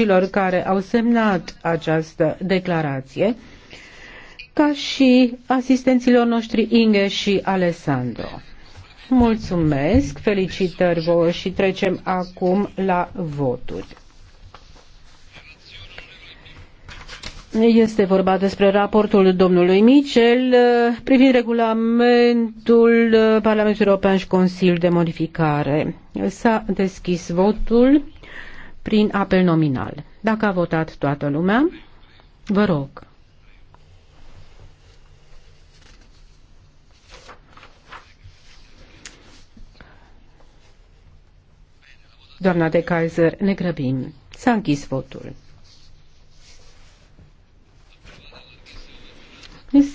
celor care au semnat această declarație, ca și asistenților noștri Inge și Alessandro. Mulțumesc, felicitări vouă și trecem acum la voturi. Este vorba despre raportul domnului Michel uh, privind regulamentul uh, Parlamentului European și Consiliul de Modificare. S-a deschis votul prin apel nominal. Dacă a votat toată lumea, vă rog. Doamna de Kaiser, ne grăbim. S-a închis votul.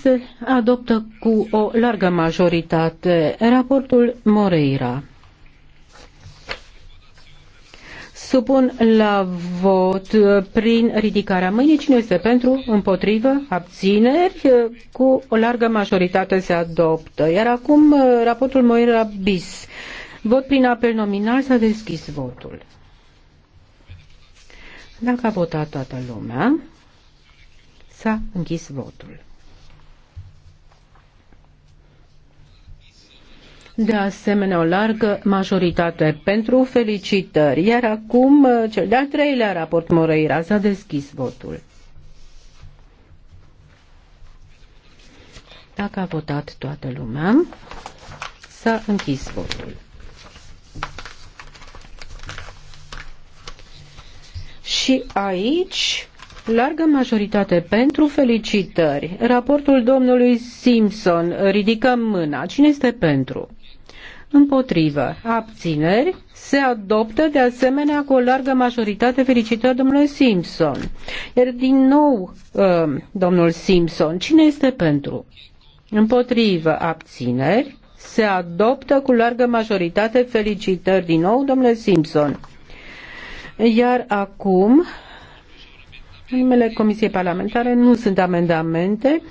Se adoptă cu o largă majoritate raportul Moreira. Supun la vot uh, prin ridicarea mâinii. Cine este pentru? Împotrivă? Abțineri? Uh, cu o largă majoritate se adoptă. Iar acum uh, raportul Moira Bis. Vot prin apel nominal s-a deschis votul. Dacă a votat toată lumea, s-a închis votul. de asemenea o largă majoritate pentru felicitări. Iar acum uh, cel de-al treilea raport Moreira s-a deschis votul. Dacă a votat toată lumea, s-a închis votul. Și aici, largă majoritate pentru felicitări. Raportul domnului Simpson, ridicăm mâna. Cine este pentru? împotrivă, abțineri, se adoptă de asemenea cu o largă majoritate fericită domnului Simpson. Iar din nou, uh, domnul Simpson, cine este pentru? Împotrivă, abțineri, se adoptă cu largă majoritate felicitări din nou, domnule Simpson. Iar acum numele Comisiei Parlamentare nu sunt amendamente.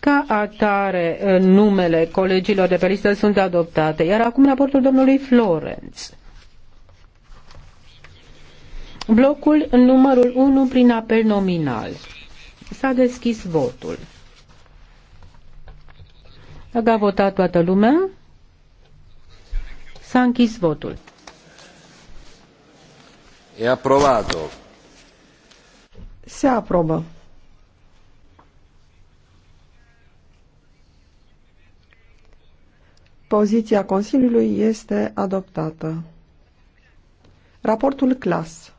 Ca atare, numele colegilor de pe listă sunt adoptate. Iar acum raportul domnului Florenț. Blocul numărul 1 prin apel nominal. S-a deschis votul. Dacă a votat toată lumea, s-a închis votul. E aprobat. Se aprobă. Poziția Consiliului este adoptată. Raportul CLAS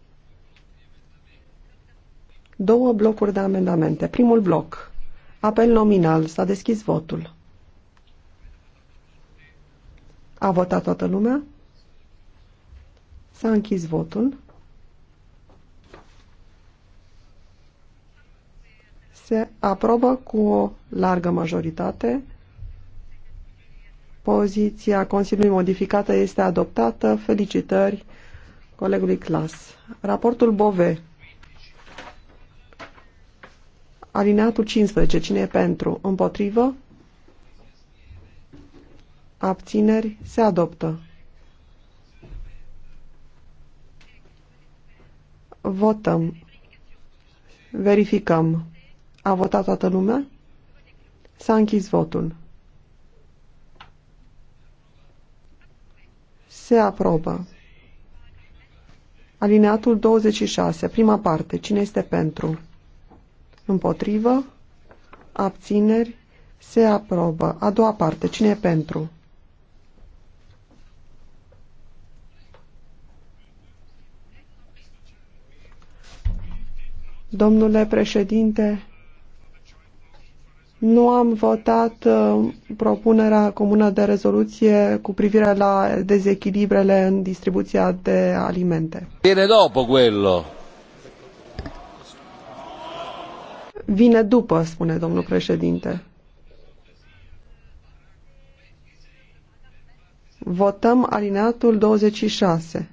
Două blocuri de amendamente. Primul bloc. Apel nominal. S-a deschis votul. A votat toată lumea? S-a închis votul. se aprobă cu o largă majoritate. Poziția Consiliului modificată este adoptată. Felicitări colegului Clas. Raportul Bove. Alineatul 15. Cine e pentru? Împotrivă? Abțineri? Se adoptă. Votăm. Verificăm. A votat toată lumea? S-a închis votul. Se aprobă. Alineatul 26, prima parte. Cine este pentru? Împotrivă? Abțineri? Se aprobă. A doua parte. Cine e pentru? Domnule președinte, nu am votat uh, propunerea comună de rezoluție cu privire la dezechilibrele în distribuția de alimente. Vine după quello. Vine după, spune domnul președinte. Votăm alineatul 26.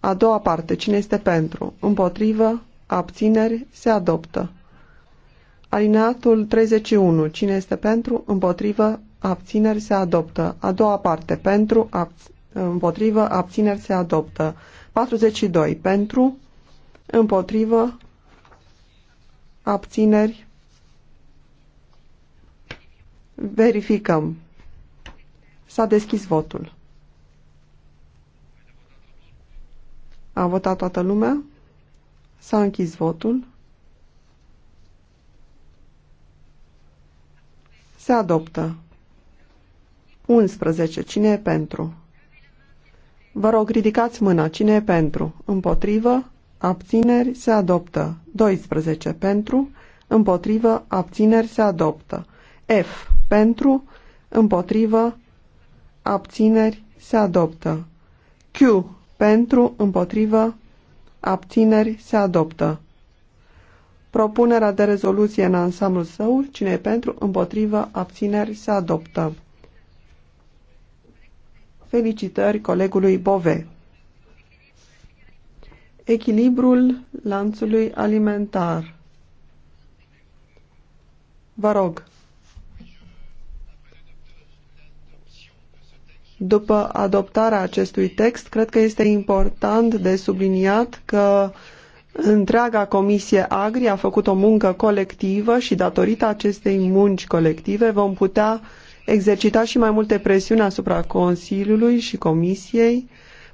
A doua parte. Cine este pentru? Împotrivă? Abțineri? Se adoptă. Alineatul 31. Cine este pentru? Împotrivă. Abțineri se adoptă. A doua parte. Pentru. abț Împotrivă. Abțineri se adoptă. 42. Pentru. Împotrivă. Abțineri. Verificăm. S-a deschis votul. A votat toată lumea? S-a închis votul. Se adoptă. 11. Cine e pentru? Vă rog, ridicați mâna. Cine e pentru? Împotrivă? Abțineri? Se adoptă. 12. Pentru? Împotrivă? Abțineri? Se adoptă. F. Pentru? Împotrivă? Abțineri? Se adoptă. Q. Pentru? Împotrivă? Abțineri? Se adoptă. Propunerea de rezoluție în ansamblul său, cine e pentru, împotrivă, abțineri, se adoptă. Felicitări colegului Bove. Echilibrul lanțului alimentar. Vă rog. După adoptarea acestui text, cred că este important de subliniat că uh, Întreaga Comisie Agri a făcut o muncă colectivă și datorită acestei munci colective vom putea exercita și mai multe presiuni asupra Consiliului și Comisiei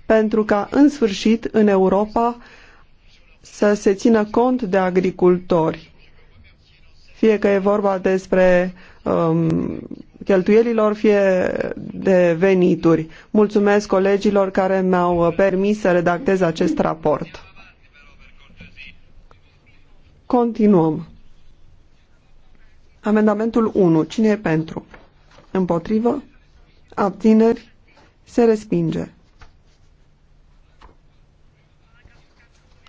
pentru ca, în sfârșit, în Europa să se țină cont de agricultori. Fie că e vorba despre um, cheltuielilor, fie de venituri. Mulțumesc colegilor care mi-au permis să redactez acest raport. Continuăm. Amendamentul 1. Cine e pentru? Împotrivă? Abțineri? Se respinge.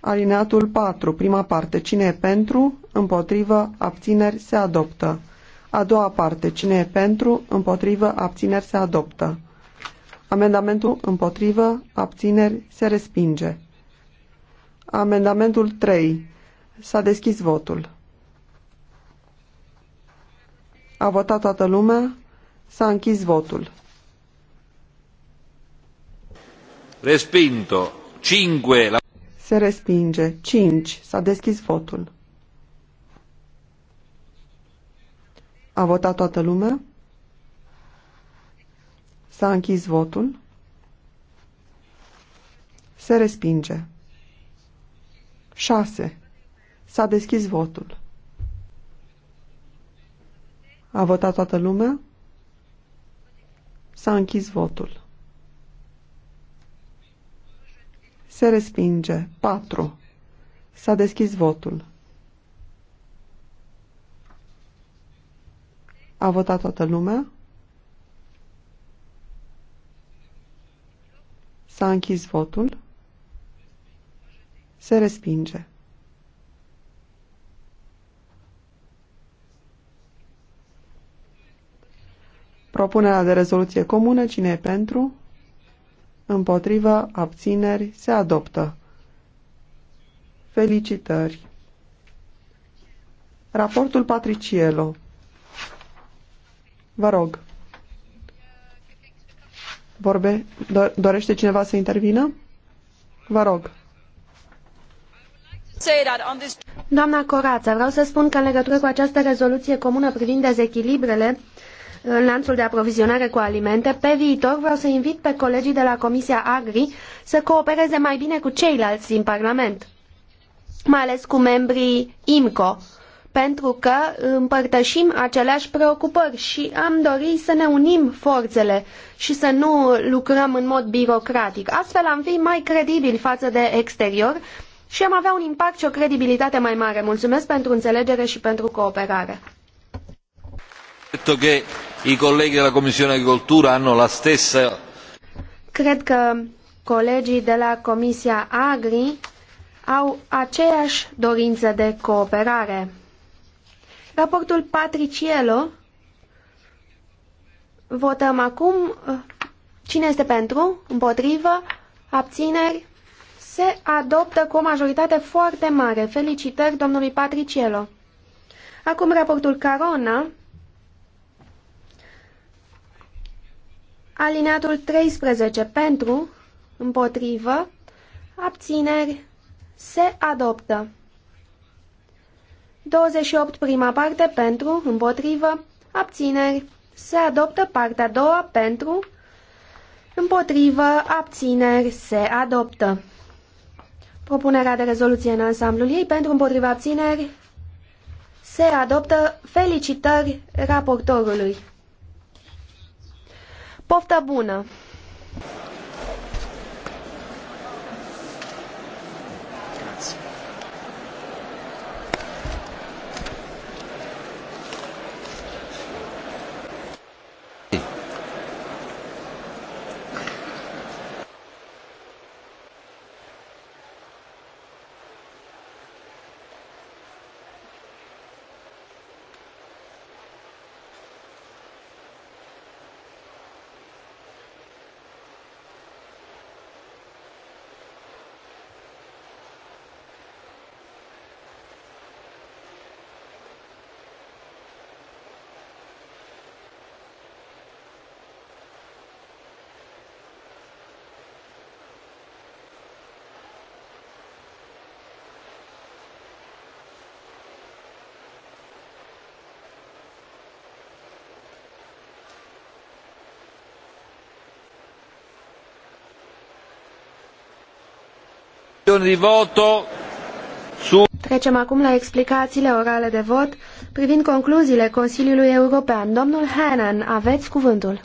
Alineatul 4. Prima parte. Cine e pentru? Împotrivă? Abțineri? Se adoptă. A doua parte. Cine e pentru? Împotrivă? Abțineri? Se adoptă. Amendamentul împotrivă? Abțineri? Se respinge. Amendamentul 3 S-a deschis votul. A votat toată lumea. S-a închis votul. Respinto. 5. La... Se respinge. 5. S-a deschis votul. A votat toată lumea? S-a închis votul? Se respinge. 6. S-a deschis votul. A votat toată lumea? S-a închis votul. Se respinge. 4. S-a deschis votul. A votat toată lumea? S-a închis votul. Se respinge. Propunerea de rezoluție comună, cine e pentru? Împotrivă, abțineri, se adoptă. Felicitări! Raportul Patriciello. Vă rog. Vorbe, do dorește cineva să intervină? Vă rog. Doamna Corață, vreau să spun că în legătură cu această rezoluție comună privind dezechilibrele, în lanțul de aprovizionare cu alimente. Pe viitor vreau să invit pe colegii de la Comisia Agri să coopereze mai bine cu ceilalți din Parlament, mai ales cu membrii IMCO, pentru că împărtășim aceleași preocupări și am dori să ne unim forțele și să nu lucrăm în mod birocratic. Astfel am fi mai credibili față de exterior și am avea un impact și o credibilitate mai mare. Mulțumesc pentru înțelegere și pentru cooperare. I colleghi della Commissione Agricoltura hanno la stessa... Cred că colegii de la Comisia Agri au aceeași dorință de cooperare. Raportul Patriciello. Votăm acum cine este pentru, împotrivă, abțineri. Se adoptă cu o majoritate foarte mare. Felicitări domnului Patriciello. Acum raportul Carona. Alineatul 13 pentru, împotrivă, abțineri, se adoptă. 28 prima parte pentru, împotrivă, abțineri, se adoptă partea a doua pentru, împotrivă, abțineri, se adoptă. Propunerea de rezoluție în ansamblul ei pentru împotriva abțineri se adoptă felicitări raportorului. Poftă bună! dichiarazioni di voto su... Trecem acum la explicațiile orale de vot privind concluziile Consiliului European. Domnul Hannan, aveți cuvântul.